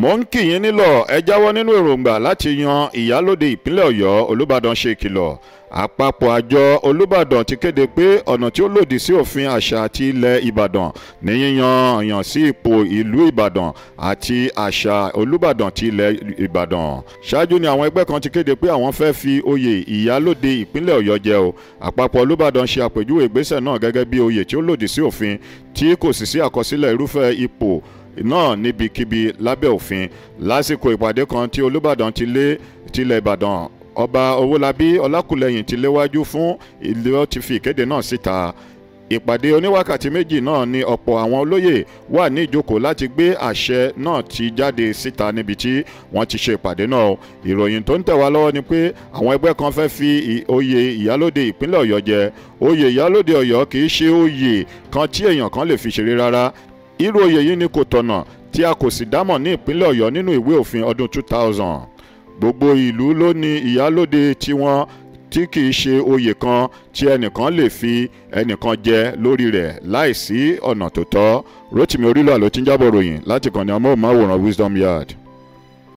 mò ń kì yín nílọ̀ ẹ jáwọ́ nínú èròǹgbà láti yan ìyálóde ìpínlẹ̀ ọ̀yọ́ olùbàdàn ṣe kìlọ̀ àpapọ̀ àjọ olùbàdàn ti kéde pé ọ̀nà tí ó lòdì sí òfin àṣà àti ilẹ̀ ìbàdàn ní yíyan èèyàn sí ipò ìlú ìbàdàn àti àṣà olùbàdàn ti ilẹ̀ ìbàdàn ṣáájú ni àwọn ẹgbẹ́ kan ti kéde pé àwọn fẹ́ fi oyè ìyálóde ìpínlẹ̀ ọ̀yọ́ jẹ o àpapọ̀ olùbàdàn ṣe àpèjúwe ìgbésẹ̀ náà gẹ́gẹ́ bí oyè tí ó lòdì sí òfin tí kò sì sí àkọsílẹ̀ irúfẹ́ ipò náà níbikíbi lábẹ́ òfin lásìkò ìpàdé kan tí olùbàdàn ti lé tilẹ̀ ìbàdàn ọba owólabí ọlákùlẹ̀yìn ti léwájú fún ìlú ti fi ìkéde náà síta ìpàdé oníwákàtí méjì náà ni ọ̀pọ̀ àwọn olóyè wà ní ìjókòó láti gbé àṣẹ náà ti jáde síta níbi tí wọ́n ti ṣe ìpàdé náà ìròyìn tó ń tẹ̀ wá lọ́wọ́ ni pé àwọn ẹgbẹ́ kan fẹ́ fi oyè ìyálóde ìpínlẹ̀ ọ̀yọ́ jẹ oyè ìyálóde ọ̀yọ́ kì í ṣe oyè kan tí èèyàn kan lè fi ṣeré rárá irú oyè yìí ni kò tọ̀nà tí a kò sì dámọ̀ ní ìpínlẹ̀ ọ̀yọ́ nínú ìwé òfin ọdún 2000 gbogbo ìlú ló ní ìyálóde tiwọn tí kìí ṣe oyè kan tí ẹnìkan lè fi ẹnìkan jẹ lórí rẹ̀ láìsí ọ̀nà tó tọ́ Rótìmí Orílọ̀ ló ti ń jábọ̀ ròyìn láti kàn ní amóhùnmáwòrán Wisdom Yard.